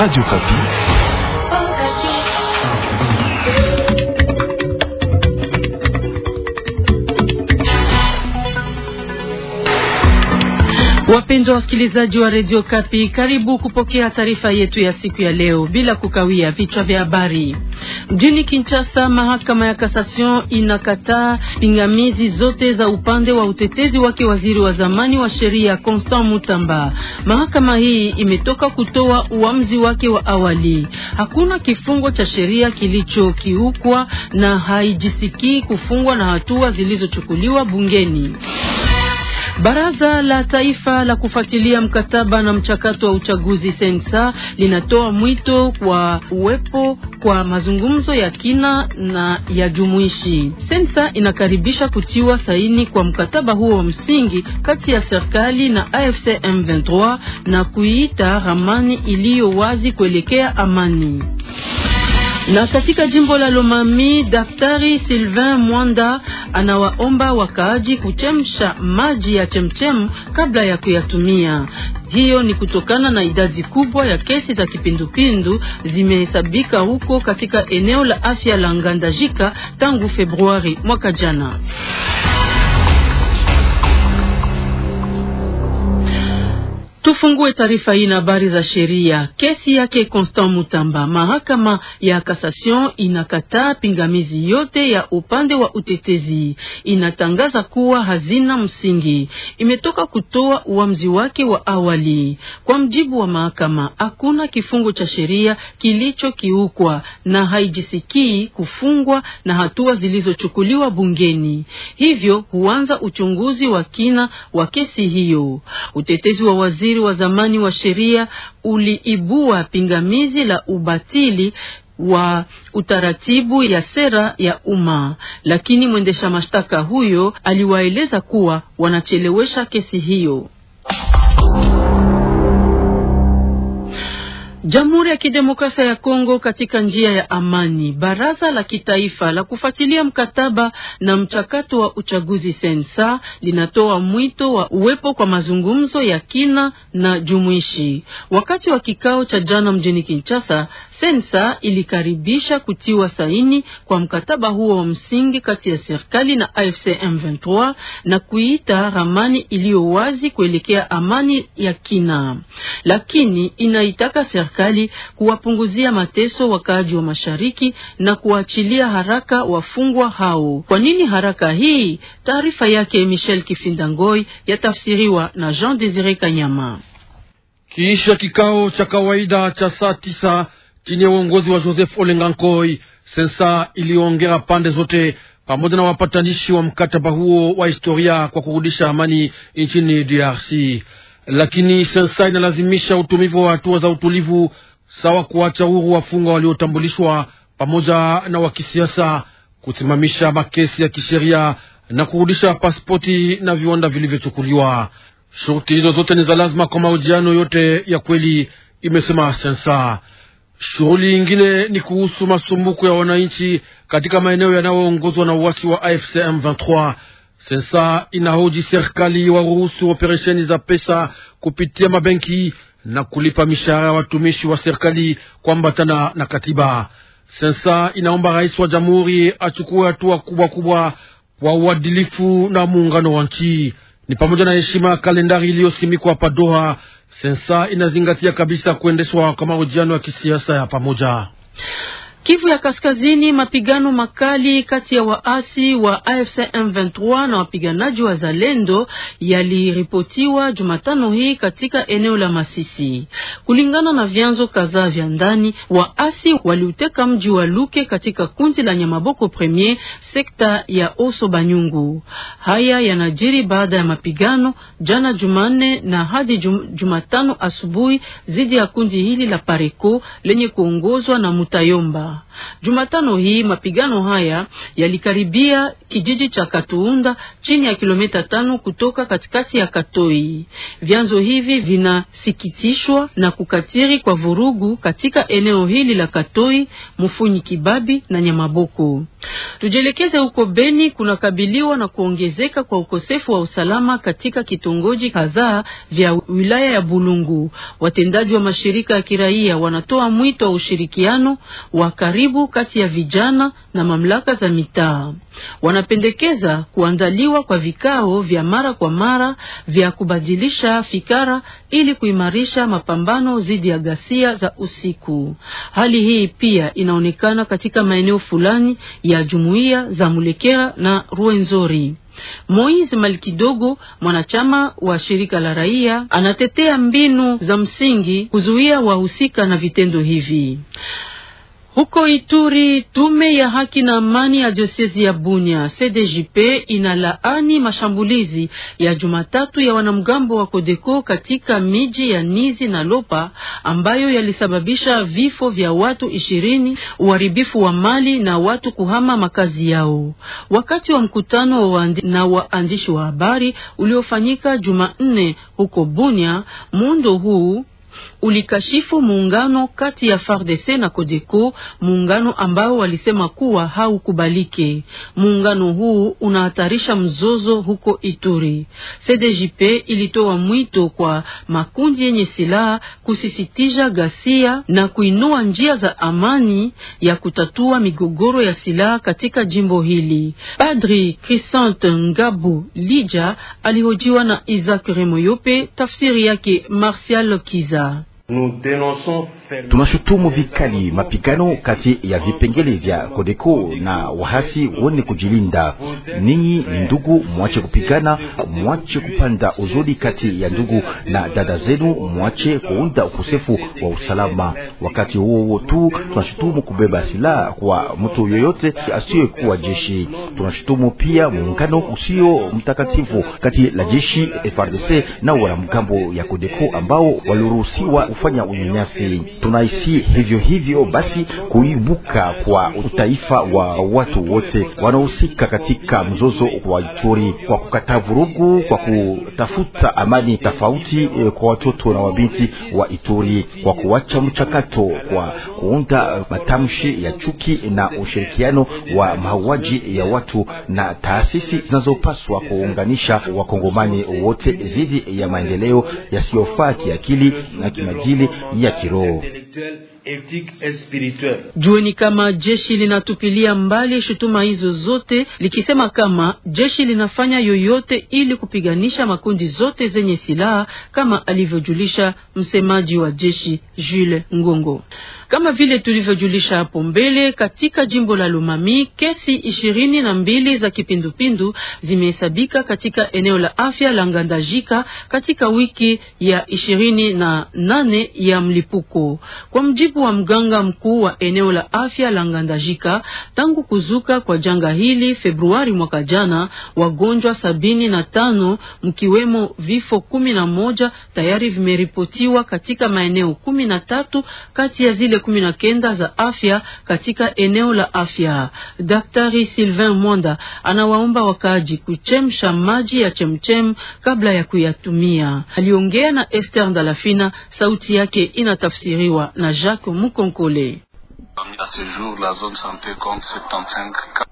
Radio Okapi. Wapendwa wasikilizaji wa redio Kapi, karibu kupokea taarifa yetu ya siku ya leo. Bila kukawia, vichwa vya habari. Mjini Kinshasa, mahakama ya Kasasion inakataa pingamizi zote za upande wa utetezi wake waziri wa zamani wa sheria Constant Mutamba. Mahakama hii imetoka kutoa uamuzi wake wa awali. Hakuna kifungo cha sheria kilichokiukwa na haijisikii kufungwa na hatua zilizochukuliwa bungeni. Baraza la Taifa la kufuatilia mkataba na mchakato wa uchaguzi sensa linatoa mwito kwa uwepo kwa mazungumzo ya kina na ya jumuishi. Sensa inakaribisha kutiwa saini kwa mkataba huo wa msingi kati ya serikali na AFC M23 na kuiita ramani iliyo wazi kuelekea amani. Na katika jimbo la Lomami, Daktari Sylvain Mwanda anawaomba wakaaji kuchemsha maji ya chemchem kabla ya kuyatumia. Hiyo ni kutokana na idadi kubwa ya kesi za kipindupindu zimehesabika huko katika eneo la afya la Ngandajika tangu Februari mwaka jana. Tufungue taarifa hii na habari za sheria. Kesi yake Constant Mutamba, mahakama ya Cassation inakataa pingamizi yote ya upande wa utetezi, inatangaza kuwa hazina msingi. Imetoka kutoa uamuzi wake wa awali. Kwa mjibu wa mahakama, hakuna kifungo cha sheria kilichokiukwa na haijisikii kufungwa na hatua zilizochukuliwa bungeni, hivyo huanza uchunguzi wa kina wa kesi hiyo. Utetezi wa waziri waziri wa zamani wa sheria uliibua pingamizi la ubatili wa utaratibu ya sera ya umma, lakini mwendesha mashtaka huyo aliwaeleza kuwa wanachelewesha kesi hiyo. Jamhuri ya Kidemokrasia ya Kongo katika njia ya amani. Baraza la kitaifa la kufuatilia mkataba na mchakato wa uchaguzi sensa linatoa mwito wa uwepo kwa mazungumzo ya kina na jumuishi. Wakati wa kikao cha jana mjini Kinshasa, sensa ilikaribisha kutiwa saini kwa mkataba huo wa msingi kati ya serikali na AFC M23 na kuita ramani iliyo wazi kuelekea amani ya kina, lakini inaitaka serikali serikali kuwapunguzia mateso wakaaji wa mashariki na kuwaachilia haraka wafungwa hao. Kwa nini haraka hii? Taarifa yake Michel Kifindangoi yatafsiriwa na Jean Desire Kanyama. Kiisha kikao cha kawaida cha saa tisa chini ya uongozi wa Joseph Olengankoi, sensa iliyoongera pande zote pamoja na wapatanishi wa mkataba huo wa historia kwa kurudisha amani nchini DRC lakini sensa inalazimisha utumivu wa hatua za utulivu sawa kuacha huru wafungwa waliotambulishwa pamoja na wa kisiasa, kusimamisha makesi ya kisheria na kurudisha pasipoti na viwanda vilivyochukuliwa. Shurti hizo zote ni za lazima kwa mahojiano yote ya kweli, imesema sensa. Shughuli ingine ni kuhusu masumbuko ya wananchi katika maeneo yanayoongozwa na uasi wa AFC M23 Sesa inahoji serikali ruhusu operesheni za pesa kupitia mabenki na kulipa mishahara ya watumishi wa serikali kuambatana na katiba. Sensa inaomba rais wa jamhuri achukue hatua kubwa kubwa kwa uadilifu na muungano wa nchi, ni pamoja na heshima ya kalendari iliyosimikwa hapa Doha. Sensa inazingatia kabisa kuendeshwa kwa mahojiano ya kisiasa ya pamoja. Kivu ya Kaskazini, mapigano makali kati ya waasi wa AFC M23 na wapiganaji wa Zalendo yaliripotiwa Jumatano hii katika eneo la Masisi. Kulingana na vyanzo kadhaa vya ndani, waasi waliuteka mji wa Luke katika kundi la Nyamaboko Premier, sekta ya Oso Banyungu. Haya yanajiri baada ya mapigano jana Jumanne na hadi jum, Jumatano asubuhi dhidi ya kundi hili la Pareko lenye kuongozwa na Mutayomba. Jumatano hii mapigano haya yalikaribia kijiji cha Katuunda chini ya kilomita tano kutoka katikati ya Katoi. Vyanzo hivi vinasikitishwa na kukatiri kwa vurugu katika eneo hili la Katoi, Mufunyi Kibabi na Nyamaboko. Tujielekeze huko Beni, kunakabiliwa na kuongezeka kwa ukosefu wa usalama katika kitongoji kadhaa vya wilaya ya Bulungu. Watendaji wa mashirika ya kiraia wanatoa mwito wa ushirikiano wa karibu kati ya vijana na mamlaka za mitaa. Wanapendekeza kuandaliwa kwa vikao vya mara kwa mara vya kubadilisha fikara ili kuimarisha mapambano dhidi ya ghasia za usiku. Hali hii pia inaonekana katika maeneo fulani ya jumuiya za Mulekera na ruenzori Moise Malikidogo, mwanachama wa shirika la raia, anatetea mbinu za msingi kuzuia wahusika na vitendo hivi. Huko Ituri, tume ya haki na amani ya diosezi ya Bunia CDJP inalaani mashambulizi ya Jumatatu ya wanamgambo wa Kodeko katika miji ya Nizi na Lopa ambayo yalisababisha vifo vya watu ishirini, uharibifu wa mali na watu kuhama makazi yao. Wakati wa mkutano wa na waandishi wa habari uliofanyika Jumanne huko Bunia, muundo huu ulikashifu muungano kati ya FARDC na CODECO, muungano ambao walisema kuwa haukubaliki. Muungano huu unahatarisha mzozo huko Ituri. CDJP ilitoa mwito kwa makundi yenye silaha kusisitiza ghasia na kuinua njia za amani ya kutatua migogoro ya silaha katika jimbo hili. Padri Crisante Ngabu Lija alihojiwa na Isaac Remoyope, tafsiri yake Martial Kiza. Nous dénonçons Tunashutumu vikali mapigano kati ya vipengele vya Kodeko na wahasi wone kujilinda. Ninyi ni ndugu, mwache kupigana, mwache kupanda uzuri kati ya ndugu na dada zenu, mwache kuunda ukosefu wa usalama. Wakati huo huo tu tunashutumu kubeba silaha kwa mtu yoyote asiyekuwa jeshi. Tunashutumu pia muungano usio mtakatifu kati la jeshi FRDC na wanamgambo ya Kodeko ambao waliruhusiwa kufanya unyanyasi tunaishi hivyo hivyo. Basi kuibuka kwa utaifa wa watu wote wanaohusika katika mzozo wa Ituri kwa kukataa vurugu, kwa kutafuta amani tofauti e, kwa watoto na wabinti wa Ituri, kwa kuacha mchakato kwa kuunda matamshi ya chuki na ushirikiano wa mauaji ya watu na taasisi zinazopaswa kuunganisha wakongomani wote dhidi ya maendeleo yasiyofaa kiakili na kimajili ya kiroho. Jueni kama jeshi linatupilia mbali shutuma hizo zote likisema kama jeshi linafanya yoyote ili kupiganisha makundi zote zenye silaha kama alivyojulisha msemaji wa jeshi Jules Ngongo. Kama vile tulivyojulisha hapo mbele, katika jimbo la Lumami kesi ishirini na mbili za kipindupindu zimehesabika katika eneo la afya la Ngandajika katika wiki ya ishirini na nane ya mlipuko, kwa mjibu wa mganga mkuu wa eneo la afya la Ngandajika. Tangu kuzuka kwa janga hili Februari mwaka jana, wagonjwa sabini na tano mkiwemo vifo kumi na moja tayari vimeripotiwa katika maeneo kumi na tatu kati ya zile moja kumi na kenda za afya katika eneo la afya. Daktari Sylvain Mwanda anawaomba wakaaji kuchemsha maji ya chemchem kabla ya kuyatumia. Aliongea na Esther Ndalafina, sauti yake inatafsiriwa na Jacques Mukonkole.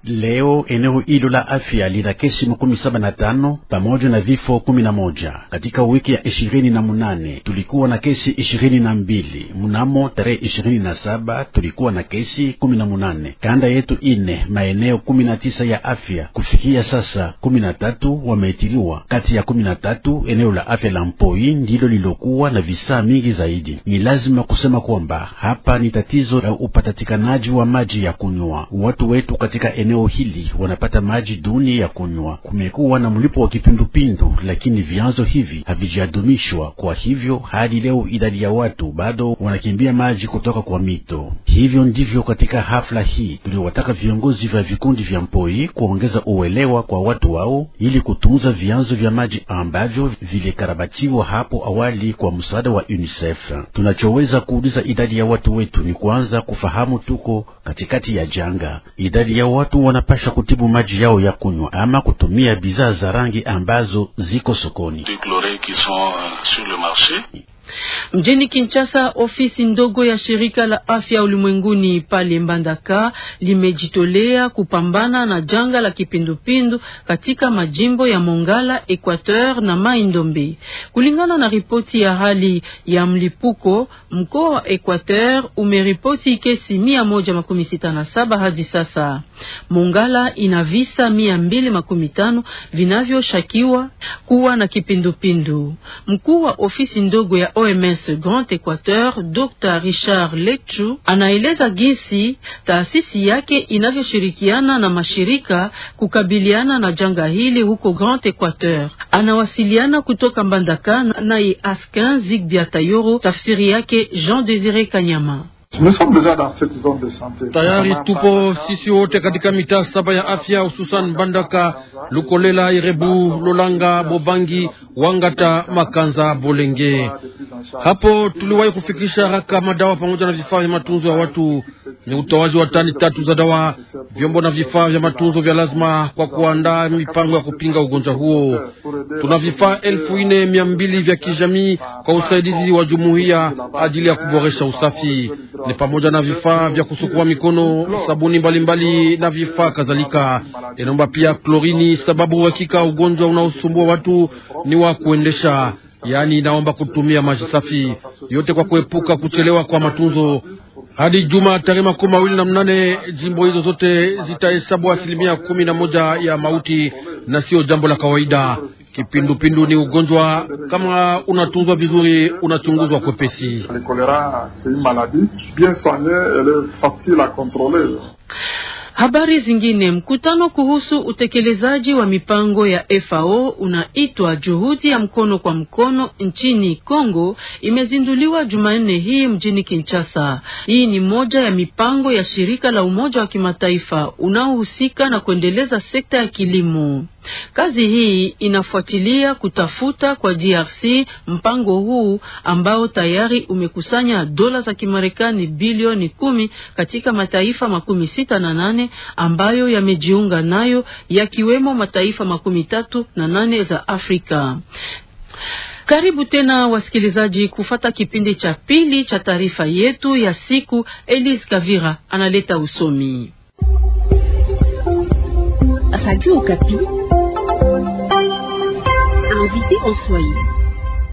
Leo eneo hilo la afya lina kesi makumi saba na tano pamoja na vifo kumi na moja. Katika wiki ya ishirini na munane tulikuwa na kesi ishirini na mbili. Mnamo tarehe ishirini na saba tulikuwa na kesi kumi na munane kanda yetu ine maeneo kumi na tisa ya afya. Kufikia sasa kumi na tatu wameitiriwa, kati ya kumi na tatu eneo la afya la Mpoi ndilo lilokuwa na visa mingi zaidi. Ni lazima kusema kwamba hapa ni tatizo la upata upatikanaji wa maji ya kunywa. Watu wetu katika eneo hili wanapata maji duni ya kunywa. Kumekuwa na mlipo wa kipindupindu, lakini vyanzo hivi havijadumishwa. Kwa hivyo hadi leo idadi ya watu bado wanakimbia maji kutoka kwa mito. Hivyo ndivyo katika hafla hii tuliwataka viongozi vya vikundi vya mpoi kuongeza uelewa kwa watu wao ili kutunza vyanzo vya maji ambavyo vilikarabatiwa hapo awali kwa msaada wa UNICEF. Tunachoweza kuuliza idadi ya watu wetu ni kuanza kufahamu fahamu tuko katikati ya janga. Idadi ya watu wanapasha kutibu maji yao ya kunywa ama kutumia bidhaa za rangi ambazo ziko sokoni. Mjini Kinshasa, ofisi ndogo ya shirika la afya ulimwenguni pale Mbandaka limejitolea kupambana na janga la kipindupindu katika majimbo ya Mongala, Equateur na Mai-Ndombe. Kulingana na ripoti ya hali ya mlipuko, mkoa wa Equateur umeripoti kesi saba hadi sasa. Mongala ina visa 215 vinavyoshakiwa kuwa na kipindupindu. Mkuu wa ofisi ndogo ya OMS Grand Equateur, Dr. Richard Lechu anaeleza jinsi taasisi yake inavyoshirikiana na mashirika kukabiliana na janga hili huko Grand Equateur. Anawasiliana kutoka Mbandaka naye Askin Zigbiatayoro, tafsiri yake Jean Désiré Kanyama. Tayari tupo sisi wote katika mitaa saba ya afya hususan Bandaka, Lukolela, Irebu, Lolanga, Bobangi, Wangata, Makanza, Bolenge. Hapo tuliwahi kufikisha haraka madawa pamoja na vifaa vya matunzo ya watu. Ni utoaji wa tani tatu za dawa, vyombo na vifaa vya matunzo vya lazima kwa kuandaa mipango ya kupinga ugonjwa huo. Tuna vifaa elfu nne mia mbili vya kijamii kwa usaidizi wa jumuiya ajili ya kuboresha usafi ni pamoja na vifaa vya kusukua mikono, sabuni mbalimbali mbali, na vifaa kadhalika. Inaomba pia klorini, sababu hakika ugonjwa unaosumbua watu ni wa kuendesha, yaani inaomba kutumia maji safi yote kwa kuepuka kuchelewa kwa matunzo. Hadi Juma tarehe makumi mawili na mnane jimbo hizo zote zitahesabu asilimia kumi na moja ya mauti, na sio jambo la kawaida. Kipindupindu ni ugonjwa, kama unatunzwa vizuri, unachunguzwa kwepesi. Habari zingine, mkutano kuhusu utekelezaji wa mipango ya FAO unaitwa juhudi ya mkono kwa mkono nchini Kongo imezinduliwa Jumanne hii mjini Kinshasa. Hii ni moja ya mipango ya shirika la Umoja wa Kimataifa unaohusika na kuendeleza sekta ya kilimo. Kazi hii inafuatilia kutafuta kwa DRC mpango huu ambao tayari umekusanya dola za Kimarekani bilioni kumi katika mataifa makumi sita na nane ambayo yamejiunga nayo yakiwemo mataifa makumi tatu na nane za Afrika. Karibu tena wasikilizaji, kufata kipindi cha pili cha taarifa yetu ya siku. Elise Kavira analeta usomi Radio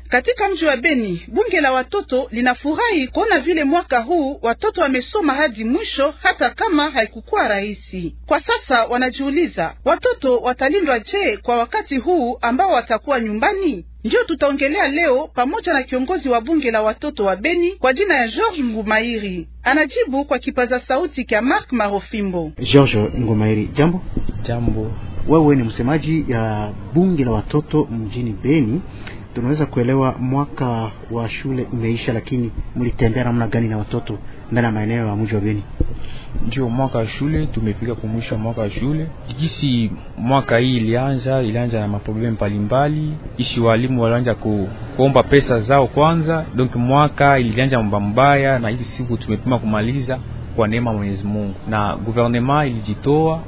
katika mji wa Beni, bunge la watoto linafurahi kuona vile mwaka huu watoto wamesoma hadi mwisho, hata kama haikukuwa rahisi. Kwa sasa wanajiuliza, watoto watalindwa je kwa wakati huu ambao watakuwa nyumbani? Ndiyo tutaongelea leo pamoja na kiongozi wa bunge la watoto wa Beni kwa jina ya George Ngumairi. Anajibu kwa kipaza sauti kya Mark Marofimbo. George Ngumairi, jambo. Jambo wewe ni msemaji ya bunge la watoto mjini Beni, tunaweza kuelewa mwaka wa shule umeisha, lakini mlitembea namna gani na watoto ndani ya maeneo ya mji wa Beni? Ndio, mwaka wa shule tumefika kumwisha mwaka wa shule. Jinsi mwaka hii ilianza, ilianza na maproblemu mbalimbali, ishi walimu walianza ku, kuomba pesa zao kwanza, donc mwaka ilianza mba mbaya, na hizi siku tumepima kumaliza kwa neema Mwenyezi Mungu, na guvernema ilijitoa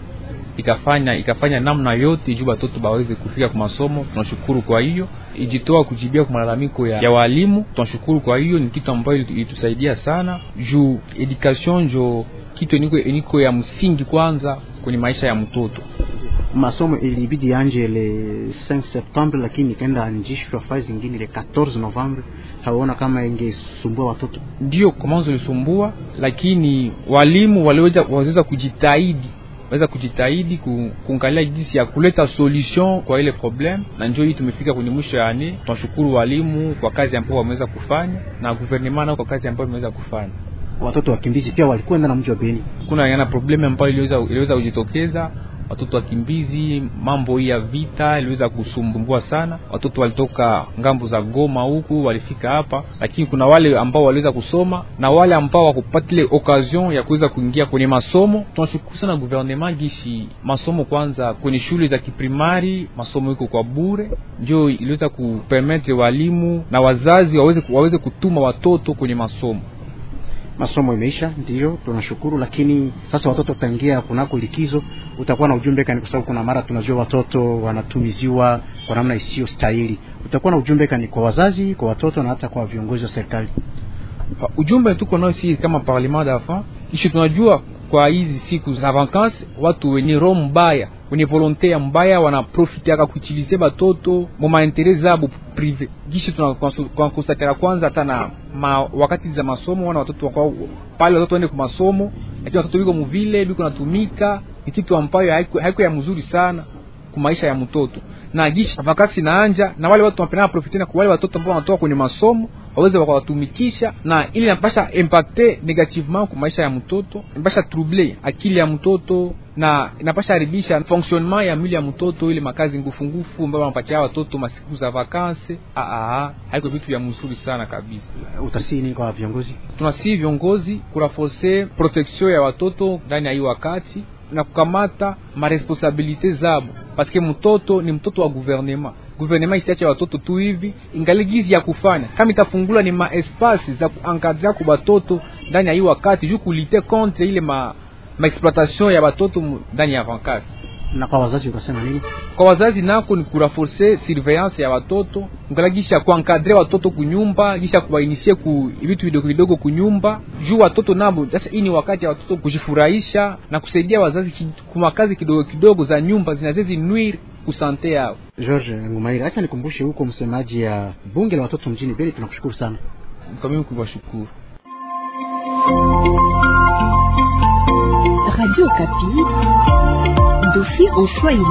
ikafanya ikafanya namna yote juu watoto baweze kufika kwa masomo. Tunashukuru kwa hiyo, ijitoa kujibia kwa malalamiko ya, ya walimu. Tunashukuru kwa hiyo, ni kitu ambayo ilitusaidia sana juu education njo kitu eniko, eniko ya msingi kwanza kwenye maisha ya mtoto. Masomo ilibidi anje le 5 Septembre, lakini ikaenda anjishwa fazi zingine le 14 Novembre. Hawaona kama ingesumbua watoto, ndio kwa mwanzo ilisumbua, lakini walimu waliweza kujitahidi weza kujitahidi kuangalia jinsi ya kuleta solution kwa ile problem, na ndio hii tumefika kwenye mwisho yani Tunashukuru walimu kwa kazi ambayo wameweza kufanya na gouvernement nao kwa kazi ambayo wameweza kufanya. Watoto wakimbizi pia walikwenda na mji wa Beni, kuna yana problem ambayo iliweza iliweza kujitokeza watoto wakimbizi. Mambo hii ya vita iliweza kusumbua sana watoto, walitoka ngambo za Goma huku walifika hapa, lakini kuna wale ambao waliweza kusoma na wale ambao wakupatile occasion ya kuweza kuingia kwenye masomo. Tunashukuru sana gouvernement gishi masomo kwanza kwenye shule za kiprimari, masomo iko kwa bure, ndio iliweza kupermete walimu na wazazi waweze, waweze kutuma watoto kwenye masomo masomo imeisha, ndio tunashukuru. Lakini sasa watoto tangia kunako likizo utakuwa na ujumbe kani, kwa sababu kuna mara tunajua watoto wanatumiziwa kwa namna isiyo stahili. Utakuwa na ujumbe kani kwa wazazi, kwa watoto na hata kwa viongozi wa serikali. Ah, ujumbe tuko nao si kama parlement d'enfant ishi, tunajua kwa hizi siku za vacances watu wenye roho mbaya kwenye volonte ya mbaya wanaprofitiaka kuutilize batoto mu maentere zabo prive. Gishi tunakonstataka kwanza hata na ma, wakati za masomo wana watoto wakwa pale watoto waende kumasomo lakini watoto biko muvile biko natumika, ni kitu ambayo haiko, ya mzuri sana kumaisha ya mtoto na gishi vakasi na anja na wale watu wanapenda profiti na wale watoto ambao wanatoka kwenye masomo waweze wakawatumikisha, na ili napasha impacte negativement kumaisha ya mtoto, napasha trouble akili ya mtoto na inapasha haribisha fonctionnement ya mwili ya mtoto, ile makazi ngufu ngufu ambayo wanapatia watoto masiku za vakanse. Aa, ah, ah, ah, haiko vitu vya mzuri sana kabisa. ni kwa viongozi, tunasi viongozi kuraforce protection ya watoto ndani ya hii wakati na kukamata maresponsabilite zabo, paske mtoto ni mtoto wa guvernema. Guvernema isiache watoto tu hivi, ingali gizi ya kufanya kama itafungula ni maespasi za kuangadia kwa watoto ndani ya hii wakati juu kulite contre ile ma maexploitation ya batoto ndani ya vankasi. Na kwa wazazi ukasema nini? Kwa wazazi nako ni kuraforce surveillance ya batoto nkalagisha kuankadre watoto kunyumba gisha kuwainisie ku vitu vidogo vidogo kunyumba juu watoto nabo. Sasa ini wakati ya watoto kujifurahisha na kusaidia wazazi kumakazi kidogo kidogo za nyumba zinazezi nuire kusante yao. George Ngumaira, acha nikumbushe huko msemaji ya bunge la watoto mjini Beni, tunakushukuru sana. Kwa mimi kuwashukuru Radio Okapi, dosi en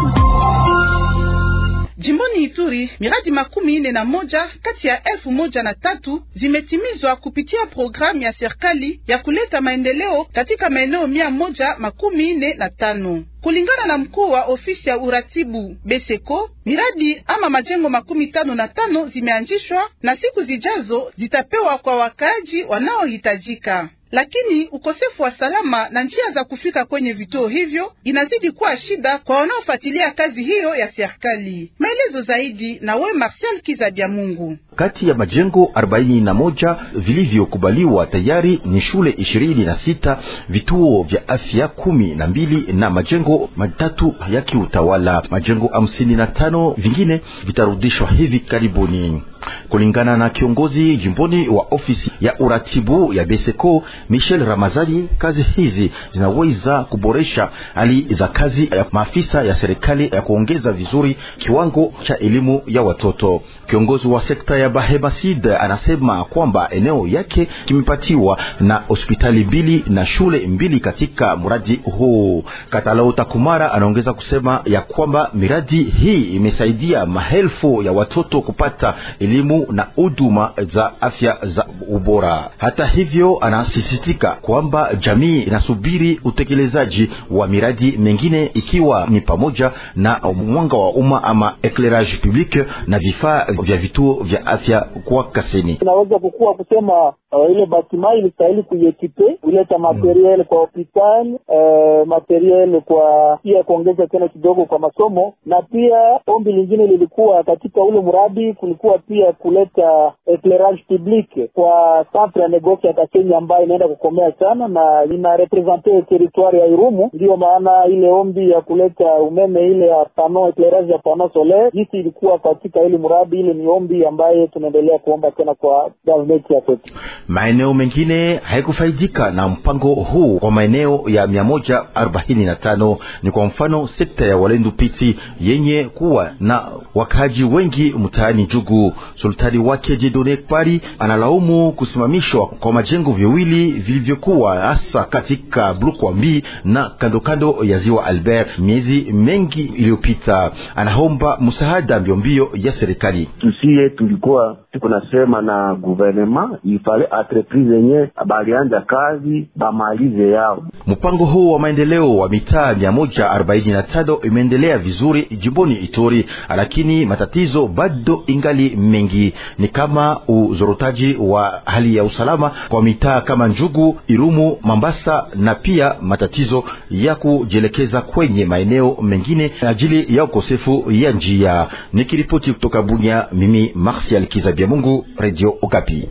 Jimboni Ituri, miradi makumi ine na moja kati ya elfu moja na tatu zimetimizwa kupitia programu ya serikali ya kuleta maendeleo katika maeneo mia moja makumi ine na tano kulingana na mkuu wa ofisi ya uratibu Beseko, miradi ama majengo makumi tano na tano zimeanzishwa na siku zijazo zitapewa kwa wakaaji wanaohitajika lakini ukosefu wa salama na njia za kufika kwenye vituo hivyo inazidi kuwa shida kwa wanaofuatilia kazi hiyo ya serikali. Maelezo zaidi na we Martial Kizabia Mungu. Kati ya majengo 41 vilivyokubaliwa tayari ni shule 26, vituo vya afya kumi na mbili na majengo matatu ya kiutawala. Majengo 55 vingine vitarudishwa hivi karibuni, kulingana na kiongozi jimboni wa ofisi ya uratibu ya Beseko. Michel Ramazani, kazi hizi zinaweza kuboresha hali za kazi ya maafisa ya serikali ya kuongeza vizuri kiwango cha elimu ya watoto. Kiongozi wa sekta ya Sid anasema kwamba eneo yake kimepatiwa na hospitali mbili na shule mbili katika mradi huu. Katalau Takumara anaongeza kusema ya kwamba miradi hii imesaidia maelfu ya watoto kupata elimu na huduma za afya za ubora. Hata hivyo anasisi anasisitika kwamba jamii inasubiri utekelezaji wa miradi mengine ikiwa ni pamoja na mwanga wa umma ama eclairage public na vifaa vya vituo vya afya kwa Kaseni. Naweza kukua kusema Uh, ile batima ilistahili kuiekipe kuleta hmm. materiel kwa hopital uh, eh, materiel kwa pia kuongeza tena kidogo kwa masomo, na pia ombi lingine lilikuwa katika ule mradi, kulikuwa pia kuleta eclairage public kwa centre ya Negosi ya Kasenyi ambayo inaenda kukomea sana na ina represente teritwari ya Irumu. Ndiyo maana ile ombi ya kuleta umeme ile ya pano eclairage ya pano solaire jisi ilikuwa katika ile mradi ile, ni ombi ambaye tunaendelea kuomba tena kwa government ya kwetu. Maeneo mengine haikufaidika na mpango huu kwa maeneo ya 145 ni kwa mfano sekta ya Walendu Piti yenye kuwa na wakaaji wengi mtaani Jugu. Sultani wake Jedone Kpari analaumu kusimamishwa kwa majengo viwili vilivyokuwa hasa katika Blukwambi na kandokando ya ziwa Albert miezi mengi iliyopita. Anaomba msaada mbiombio ya serikali. Tusiye tulikuwa tukunasema na guvernema ifale entreprise yenyewe balianja kazi bamalize yao. Mpango huu wa maendeleo wa mitaa mia moja arobaini na tano imeendelea vizuri jimboni Ituri, lakini matatizo bado ingali mengi, ni kama uzorotaji wa hali ya usalama kwa mitaa kama Njugu, Irumu, Mambasa na pia matatizo ya kujielekeza kwenye maeneo mengine ajili ya ukosefu ya njia. Nikiripoti kutoka Bunya, mimi Martial Kizabia Mungu, Radio Okapi.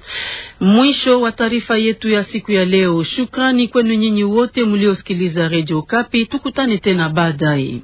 Mwisho wa taarifa yetu ya siku ya leo. Shukrani kwenu nyinyi wote mliosikiliza Radio Kapi. Tukutane tena baadaye.